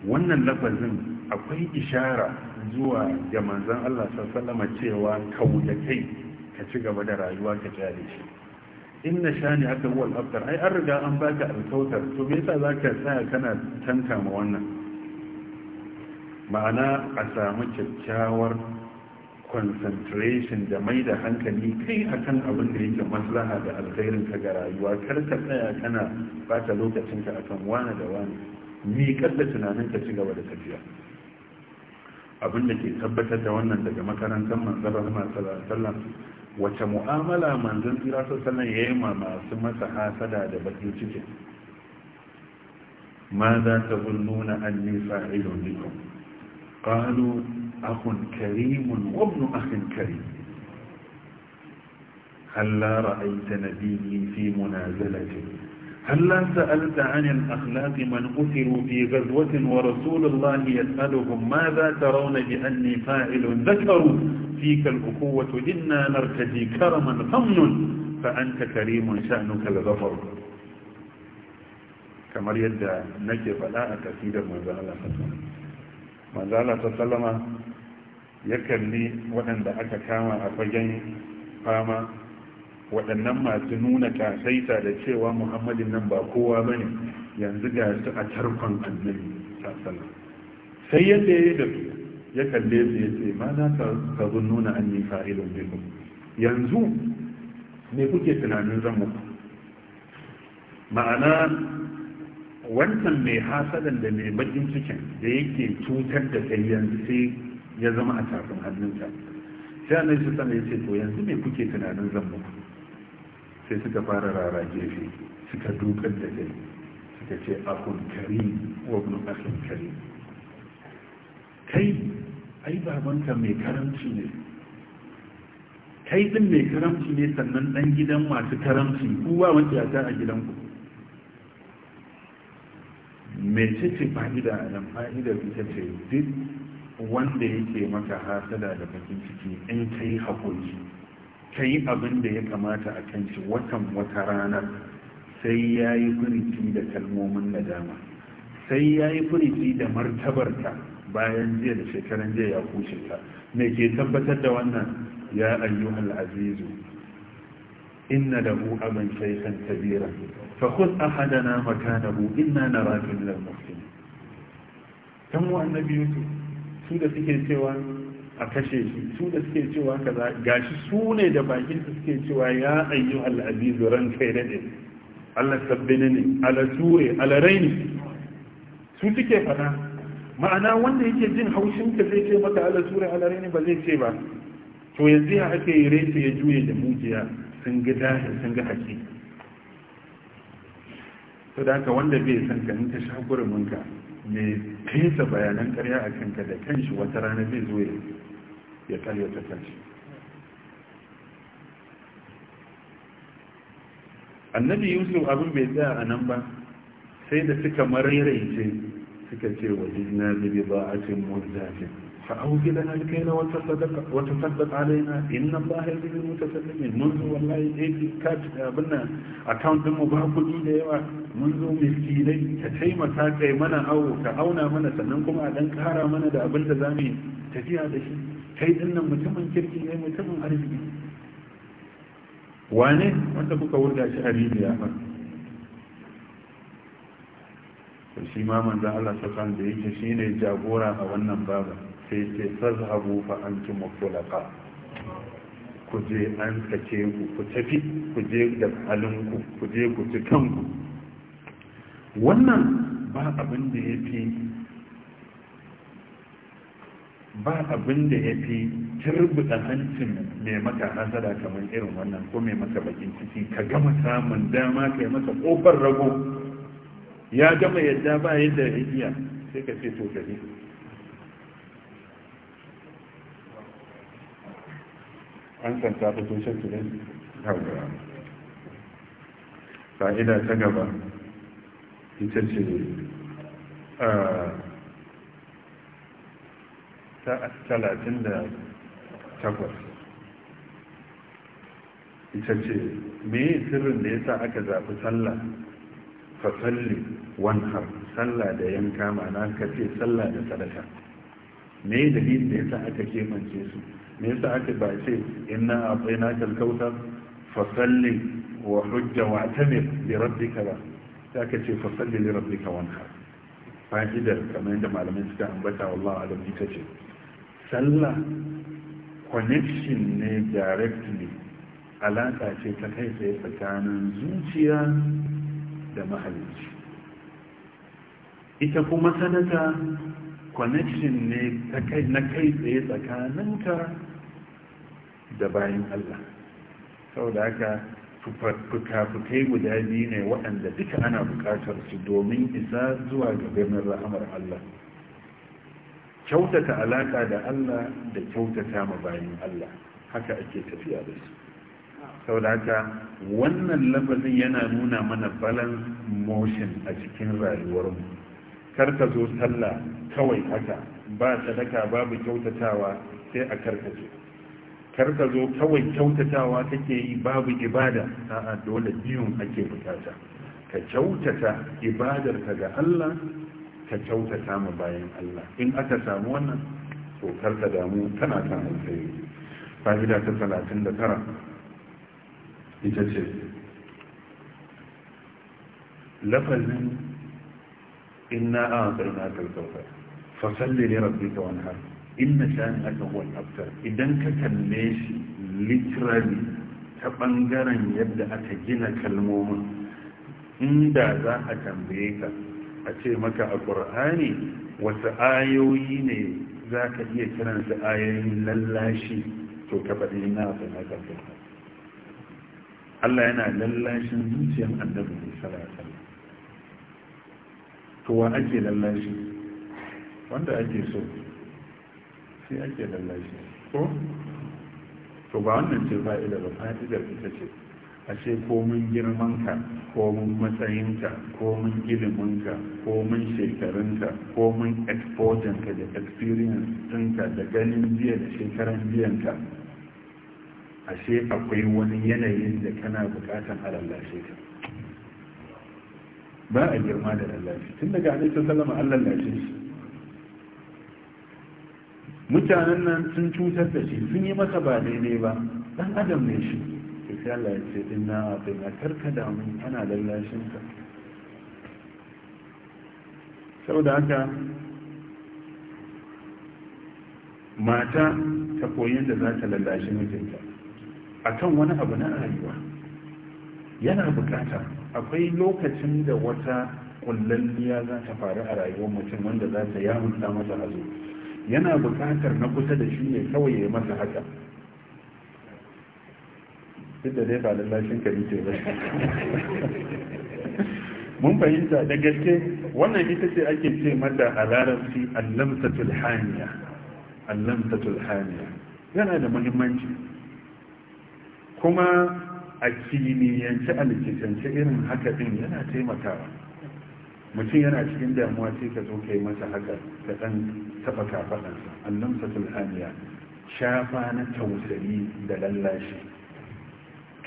wannan lafazin akwai ishara zuwa ga manzon allah sallama cewa kau da kai ka ci gaba da rayuwa ka jari shi inna shani aka huwa al-abtar ai an riga an baka alkautar to me yasa zaka tsaya kana tanka ma wannan ma'ana a samu kyakkyawar concentration da mai da hankali kai akan abin da yake maslaha da alkhairin ka ga rayuwa kar ka tsaya kana bata lokacinka akan wani da wani mi kadda tunanin ka ci gaba da tafiya abin da ke tabbatar da wannan daga makarantar manzon Muhammad sallallahu alaihi wasallam wace mu'amala manzon tsira sassanan ya yi ma masu masa hasada da bakin cikin ma za ta nuna an nisa ilon nikon ƙalu akun karimun wabnu akin karim هلا رأيت نبيي في منازلة هلا سألت عن الأخلاق من أثروا في غزوة ورسول الله يسألهم ماذا ترون بأني فاعل ذكروا فيك الأخوة إنا نرتدي كرما فمن فأنت كريم شأنك الغفر kamar yadda nake faɗa a tafidar manzo Allah sallallahu alaihi sallama ya kalli waɗanda aka kama a fagen fama waɗannan masu nuna kasaita da cewa Muhammadin nan ba kowa bane yanzu ga a sai yadda ya ya kalle su ya ce ma za ka nuna an yi fa'ilun bikum yanzu me kuke tunanin zan ma'ana wancan mai hasadan da mai bakin cikin da yake cutar da kai sai ya zama a tafin hannunta sai an yi sama ya ce to yanzu me kuke tunanin zan sai suka fara rara gefe suka dukar da kai suka ce akun kari wa ibn akhin kai ai babanka mai karamci ne kai din mai karamci ne sannan dan gidan masu karamci ku ba ta a gidanku mece ce fa'ida a nan fa'idar ita ce duk wanda yake maka hasada da bakin ciki in kai hakuri kai abin da ya kamata a kan shi watan wata ranar sai ya yi furici da kalmomin nadama sai ya yi furici da martabarka bayan jiya da shekaran jiya ya kushe ta me ke tabbatar da wannan ya ayyuhal azizu inna lahu aban shaykhan kabira fa khudh ahadana makanahu inna naraka min al muhsin kan mu annabi yusuf su da suke cewa a kashe shi su da suke cewa kaza gashi su ne da bakin su suke cewa ya ayyuhal azizu ran kai dade Allah sabbinani ne ala sure ala raini su suke fada ma'ana wanda yake jin haushin ka zai ce maka ala sura ala ne ba zai ce ba to yanzu ya ake yi reto ya juye da mujiya sun ga dahi sun ga haƙi to da haka wanda bai san ka ninka shagurin sha mai fesa bayanan karya a kanka da kanshi wata rana zai zo ya karyata kanshi annabi yusuf abin bai tsaya a nan ba sai da suka ce. suka ce wa jidna bi bida'atin muzdatin fa auki lana alkayla wa tasaddaqa wa tasaddaq alaina inna allaha yuhibbul mutasaddiqin mun zo wallahi eh kat abin account din mu ba kuɗi da yawa mun zo miskinai ta taimaka kai mana awo ka auna mana sannan kuma a dan kara mana da abin da zamu yi tafiya da shi kai din nan mutumin kirki ne mutumin arziki wane wanda kuka wurga shi a rijiya to shi ma manzan Allah sallallahu da yake shine jagora a wannan baba sai ce sazhabu fa antum mutlaqa ku je an sake ku ku tafi ku je da halinku ku je ku ci kanku wannan ba abin da yafi ba abin da yafi hancin mai maka hasada kamar irin wannan ko mai maka bakin ciki ka gama samun dama kai maka ƙofar rago ya gama yadda ba yadda ya iya sai ka ce to gari an san ta fito shan tunan haura fa'ida ta gaba ita ce ta talatin da takwas ita ce me sirrin da ya sa aka zafi sallah fasalli wanhar sallah da yanka ma'ana ka ce sallah da sadaka me dalilin da yasa aka kemance su me yasa aka ba ce inna a'tayna kal kautsar fasalli wa hujja wa tamir li rabbika ba sai aka ce fasalli li rabbika wanhar fa'idar kamar yadda malamai suka ambata wallahi alam ita ce sallah connection ne directly Alaka ce ta kai tsaye tsakanin zuciya da mahalicci ita kuma sanata connection ne na kai tsaye tsakaninka da bayan Allah saboda haka fuka guda biyu ne waɗanda duka ana buƙatar su domin isa zuwa ga birnin rahamar Allah kyautata alaƙa da Allah da kyautata ma bayan Allah haka ake tafiya da su saboda wannan lafazin yana nuna mana balance motion a cikin rayuwarmu kar ka zo sallah kawai haka ba sadaka babu kyautatawa sai a karkace kar ka zo kawai kyautatawa kake yi babu ibada a'a dole biyun ake bukata ka kyautata ka ga Allah ka kyautata ma bayan Allah in aka samu wannan to karka damu kana kan sai fa'ida ta 39 ita ce lafazin inna a tsarna kalkautar fasalle ne rabbi wani har inna shani aka wani idan ka kalle shi literally ta ɓangaren yadda aka gina kalmomin inda za a tambaye ka a ce maka a kurani wasu ayoyi ne za ka iya kiransu ayoyin lallashi to ka faɗi na tsarna kalkautar Allah yana lallashin zuciyar annabi sallallahu alaihi wasallam to wa ake lallashi wanda ake so sai ake lallashi ko to ba wannan ce fa'ida ba fa'idar ita ce A ko komin girmanka komin matsayinka komin iliminka komin shekarunka komin exposure da experience ɗinka da ganin jiya da shekaran jiyanka ashe akwai wani yanayin da kana bukatan a lallashe ka ba a girma da lallashe tun daga alaihi sallama an lallashe shi mutanen nan sun cutar da shi sun yi masa ba daidai ba dan adam ne shi to sai Allah ya ce inna atina karka damu ana lallashin ka saboda haka mata ta koyi da za ta lallashi mijinta a kan wani abu na rayuwa yana bukata akwai lokacin da wata kullalliya za ta faru a rayuwar mutum wanda za ta yamunta masa hazo yana bukatar na kusa da shi ne kawai ya masa haka duk da dai ba lallashin ka ce ba mun fahimta da gaske wannan ita ce ake ce mata a larabci allamta tulhaniya yana da muhimmanci kuma a kimiyyance a likitance irin haka din yana taimakawa mutum yana cikin damuwa sai ka zo ka yi masa haka ka ɗan taɓa kafaɗansa annan satul haniya shafa na tausayi da lallashi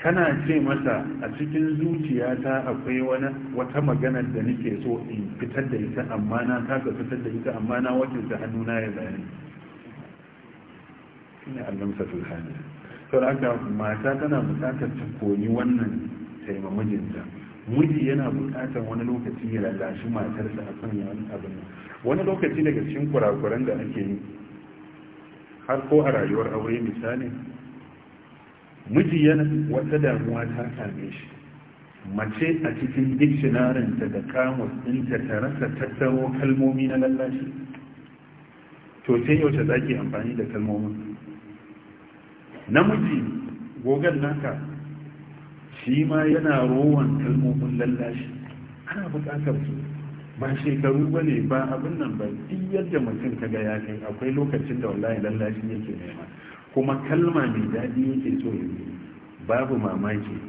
kana ce masa a cikin zuciyata akwai wani wata magana da nake so in fitar da ita amma na kasa fitar da ita amma na wakilta hannuna ya bayani annan allamsa tulhaniya sauraka mata tana bukatar ta koyi wannan taima mijinta miji yana bukatar wani lokaci ya lalashi matarsa a kan yawan abin wani lokaci daga cikin kurakuran da ake yi har ko a rayuwar aure misali miji yana wata damuwa ta same shi mace a cikin ta da kamus din ta rasa tattaro kalmomi na lallashi to sai yaushe za ki amfani da kalmomin namiji gogan naka shi ma yana rowan kalmomin lallashi ana buƙatar su ba shekaru ba ne ba abin nan ba duk yadda mutum ta ga ya kai akwai lokacin da wallahi lallashi yake nema kuma kalma mai daɗi yake so ya babu mamaki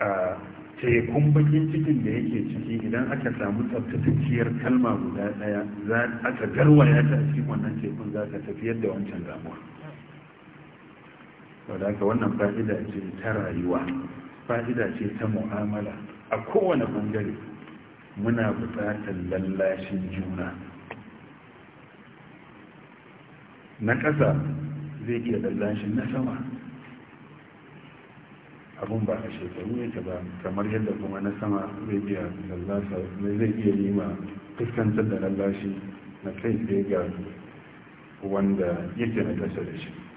a tekun bakin cikin da yake ciki idan aka samu tsabtatacciyar kalma guda ɗaya aka garwaya ta a cikin wannan tekun za ka tafiyar da wancan damuwa aka wannan fa'ida ce ta rayuwa fa'ida ce ta mu'amala a kowane bangare muna buƙatar lallashin juna na ƙasa zai iya lallashin na sama abun ba a shekaru yake ba kamar yadda kuma na sama zai iya lallasa zai iya yi fuskantar da lallashi na kai ga wanda yake na ƙasa da shi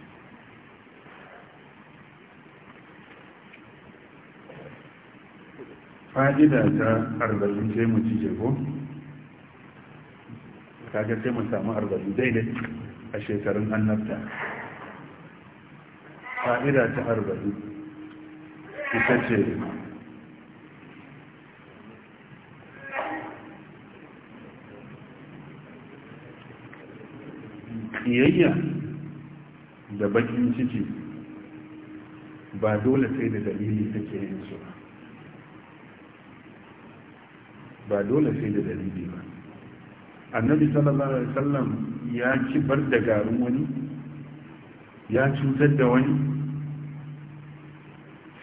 fa'ida ta arba'in sai mu ci ko kaga sai mu samu arba'in daidai a shekarun annabta fa'ida ta arba'in ita ce ƙiyayya da bakin ciki ba dole sai da dalili take yin su ba ba dole sai da dalili ba annabi sallallahu alaihi wasallam ya kibar da garin wani ya cutar da wani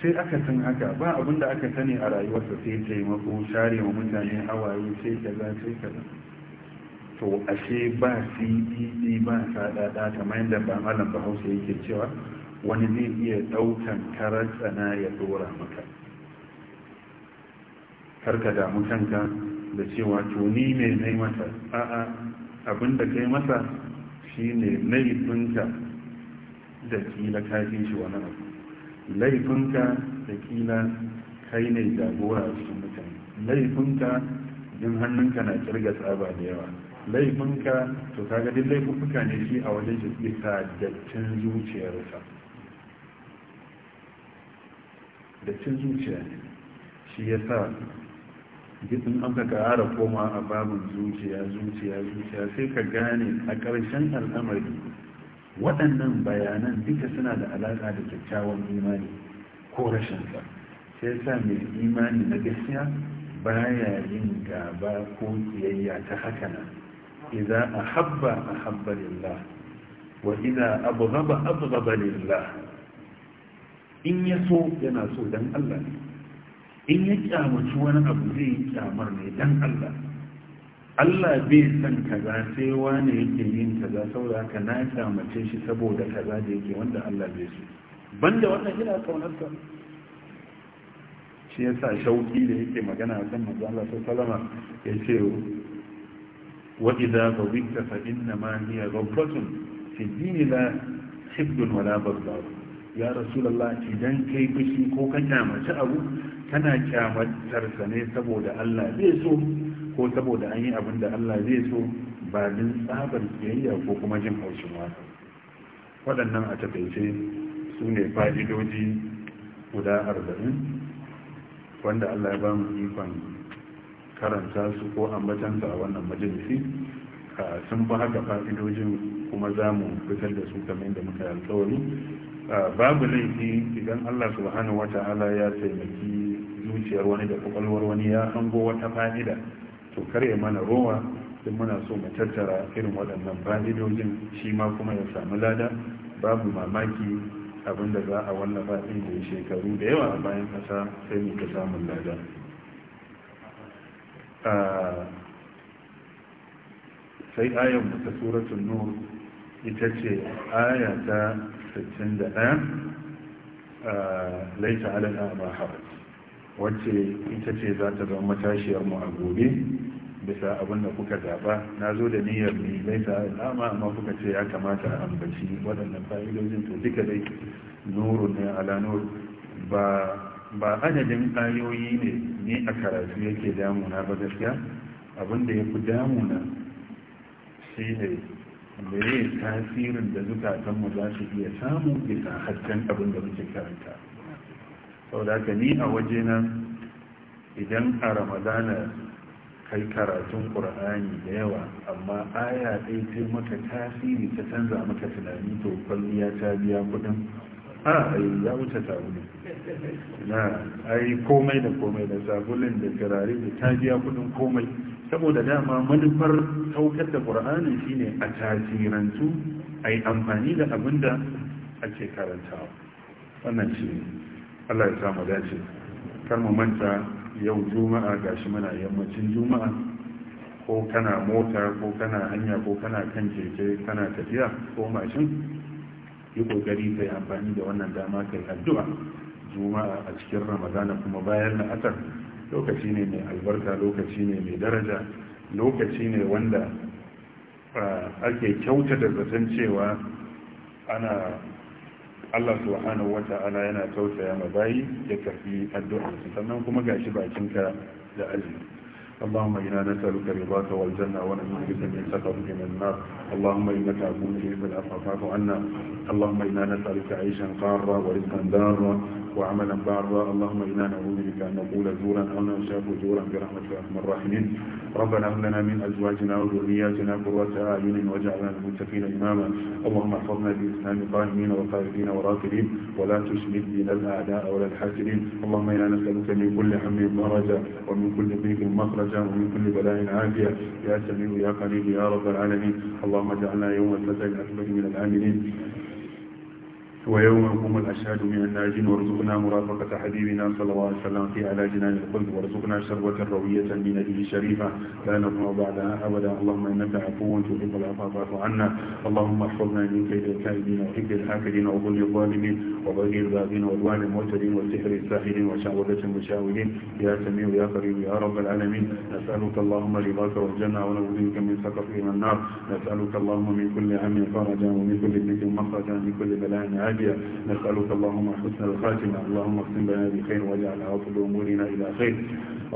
sai aka san haka ba abin da aka sani a rayuwarsa sai taimako share wa mutane hawaye sai kaza sai kaza to ashe ba cdd ba ta, kamar da ba malam bahaushe yake cewa wani zai iya daukan karar tsana ya dora maka karka damu kanka da cewa tuni ni ne nai mata a'a abin da kai masa shine laifinka da kila ka shi wani abu laifinka da kila kai ne jagora a cikin mutane laifinka jin hannunka na kirga tsaba da yawa laifinka to kaga duk laifuka ne shi a wajen shi da cin zuciyarsa cin zuciya shi ya sa in aka ƙara koma a babin zuciya zuciya zuciya sai ka gane a ƙarshen al'amari waɗannan bayanan duka suna da alaƙa da kyakkyawan imani ko rashinsa sai sa mai imani na gaskiya baya yin gaba ko kiyayya ta haka nan idza ahabba ahabba lillah wa idza abghaba abghaba lillah in yaso yana so dan Allah ne in ya kyamaci wani abu zai yi kyamar ne dan Allah Allah bai san kaza sai wani yake yin kaza saboda haka na kyamace shi saboda kaza da yake wanda Allah bai so banda wannan ina kaunar ka shi yasa shauki da yake magana a kan manzo Allah sallallahu ya ce wa idza ghadibta fa inna ma hiya ghadbatun fi dinina hibdun wala baghdad ya rasulullah idan kai fushi ko ka kyamaci abu kana kyamatar sa ne saboda Allah zai so ko saboda an yi abin da Allah zai so ba din tsabar kiyayya ko kuma jin haushin wasa waɗannan a takaice su ne fa'idoji guda arba'in wanda Allah ya ba mu ikon karanta su ko ambatan a wannan majalisi sun fi haka fa'idojin kuma za mu fitar da su kamar da muka yi alkawari babu laifi idan Allah subhanahu ta'ala ya taimaki zuciyar wani da kwakwalwar wani ya hango wata fa'ida to ya mana rowa sai muna so mu tattara irin waɗannan fa'idojin shi ma kuma ya samu lada babu mamaki abinda za a wallafa ɗin da shekaru da yawa a bayan ƙasa sai mu ta samun lada sai ayan mu ta suratul nur ita ce aya ta 61 laita alana ba haraj wacce ita ce za ta zama matashiyar mu a gobe bisa abin da kuka zaɓa na zo da niyyar ne laita ma amma kuka ce ya kamata a ambaci waɗannan fa'idojin to duka dai nuru ne ala nuru ba ba adadin ayoyi ne ni a karatu yake damuna ba gaskiya abin da ya fi damuna shi ne meye tasirin da zukatanmu za su iya samu bisa hasken abin da muke karanta sau da ka ni a waje na idan a ramadana kai karatun ƙur'ani da yawa amma aya ɗaya ta maka tasiri ta canza maka tunani to kwalliya ta biya kuɗin a ah, ya wuce sabulu na ai komai da komai da sabulun da turare da ta biya kudin komai saboda dama manufar saukar da ƙur'anin shine a tasirantu a yi amfani da abin da ake karantawa wannan shi allah ya samu dace kar mu manta yau juma'a gashi muna yammacin juma'a ko kana mota ko kana hanya ko kana kan keke kana tafiya ko mashin yi kokari ka yi amfani da wannan dama kai addu'a juma'a a cikin ramadana kuma bayan na asar lokaci ne mai albarka lokaci ne mai daraja lokaci ne wanda ake kyauta da zaton cewa ana Allah subhanahu wata'ala yana tausaya ma bayi ya karfi addu'a sannan kuma gashi bakinka da aji. اللهم إنا نسألك رضاك والجنة ونعوذ بك من سخطك من النار اللهم إنك عفو تحب العفو فاعف عنا اللهم إنا نسألك عيشا قارا ورزقا دارا وعملا بارا اللهم إنا نعوذ بك أن نقول زورا أو نشاف زورا برحمتك أرحم الراحمين ربنا هب لنا من أزواجنا وذرياتنا قرة أعين واجعلنا المتقين إماما اللهم احفظنا بالإسلام قائمين وقائدين وراكبين ولا تشمت بنا الأعداء ولا الحاسدين اللهم إنا نسألك من كل هم مرجا ومن كل ضيق مخرجا ونجاه من كل بلاء عافية يا سميع يا قريب يا رب العالمين اللهم اجعلنا يوم الفتح الأكبر من العاملين ويوم يقوم الأشهاد من الناجين وارزقنا مرافقة حبيبنا صلى الله عليه وسلم في على جنان القلب وارزقنا شربة روية من أجل شريفة لا نقوم بعدها أبدا اللهم إنك عفو تحب العفو فاعف عنا اللهم احفظنا من كيد الكائدين وحفظ الحاكدين وظل الظالمين وظل الباغين والوان المعتدين والسحر الساحرين وشعوذة المشاولين يا سميع يا قريب يا رب العالمين نسألك اللهم رضاك والجنة ونعوذ بك من سقط من النار نسألك اللهم من كل هم فرجا ومن كل ذنب مخرجا ومن كل بلاء عاجا والعافية نسألك اللهم حسن الخاتمة اللهم اختم بنا بخير واجعل عاقب أمورنا إلى خير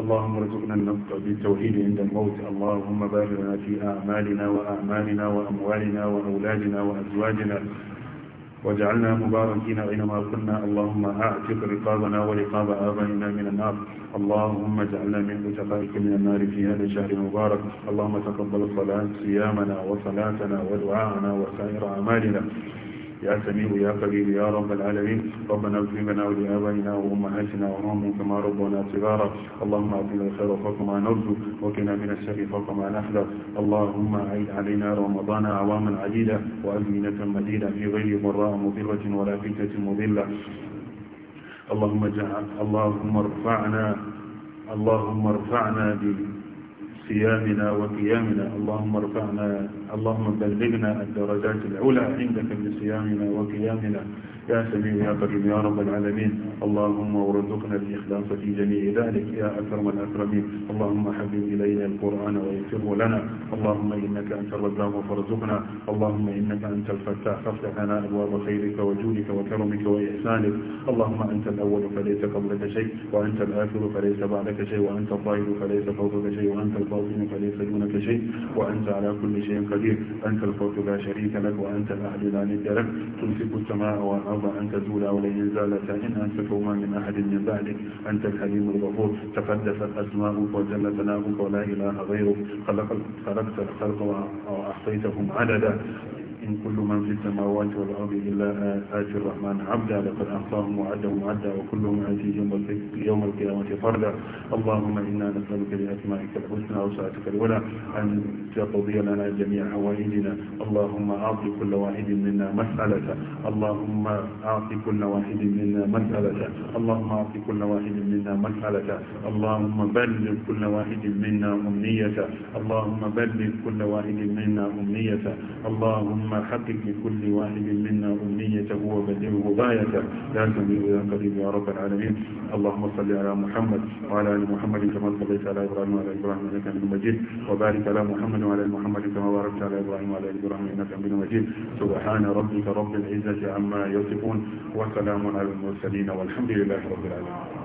اللهم ارزقنا النطق بالتوحيد عند الموت اللهم بارك لنا في أعمالنا وأعمالنا وأموالنا وأولادنا وأزواجنا واجعلنا مباركين أينما كنا اللهم أعتق رقابنا ورقاب آبائنا من النار اللهم اجعلنا من متقائك من النار في هذا الشهر المبارك اللهم تقبل الصلاة صيامنا وصلاتنا ودعاءنا وسائر أعمالنا يا سميع يا قدير يا رب العالمين ربنا اغفر لنا ولآبائنا وأمهاتنا وأمهم كما ربنا صغارا اللهم أعطنا الخير فوق ما نرجو وقنا من الشر فوق ما نحذر اللهم أعد علينا رمضان أعواما عديدة وأزمنة مديدة في غير ضراء مضرة ولا فتنة مضلة اللهم اجعل اللهم ارفعنا اللهم ارفعنا صيامنا وقيامنا اللهم ارفعنا اللهم بلغنا الدرجات العلى عندك بصيامنا وقيامنا يا سميع يا قريب يا رب العالمين اللهم وارزقنا الإخلاص في جميع ذلك يا أكرم الأكرمين اللهم حبب إلينا القرآن ويسره لنا اللهم إنك أنت الرزاق فارزقنا اللهم إنك أنت الفتاح فافتح لنا أبواب خيرك وجودك وكرمك وإحسانك اللهم أنت الأول فليس قبلك شيء وأنت الآخر فليس بعدك شيء وأنت الظاهر فليس فوقك شيء وأنت الباطن فليس دونك شيء وأنت على كل شيء قدير أنت الفوت لا شريك لك وأنت الأهل لا ند لك تمسك السماء والأرض الأرض أن او ولئن زالتا إن أنفتهما من أحد من بعدك أنت الحليم الغفور تقدست أسماؤك وجل ثناؤك ولا إله غيرك خلقت الخلق وأحصيتهم عددا إن كل من في السماوات والأرض إلا آتي الرحمن عبدا لقد أحصاهم وعدهم عدا وكلهم آتيه يوم القيامة فردا اللهم إنا نسألك بأسمائك الحسنى وسعتك الولى أن تقضي لنا جميع حوائجنا اللهم أعط كل واحد منا مسألة اللهم أعط كل واحد منا مسألة اللهم أعط كل واحد منا مسألة اللهم بلغ كل واحد منا أمنية اللهم بلغ كل واحد منا أمنية اللهم حقق لكل واحد منا أمنيته وبلغه غايته لا تنبئ ولا قريب يا رب العالمين اللهم صل على محمد وعلى آل محمد كما صليت على إبراهيم وعلى إبراهيم إنك حميد مجيد وبارك على محمد وعلى ال محمد كما باركت على إبراهيم وعلى إبراهيم إنك حميد مجيد سبحان ربك رب العزة عما يصفون وسلام على المرسلين والحمد لله رب العالمين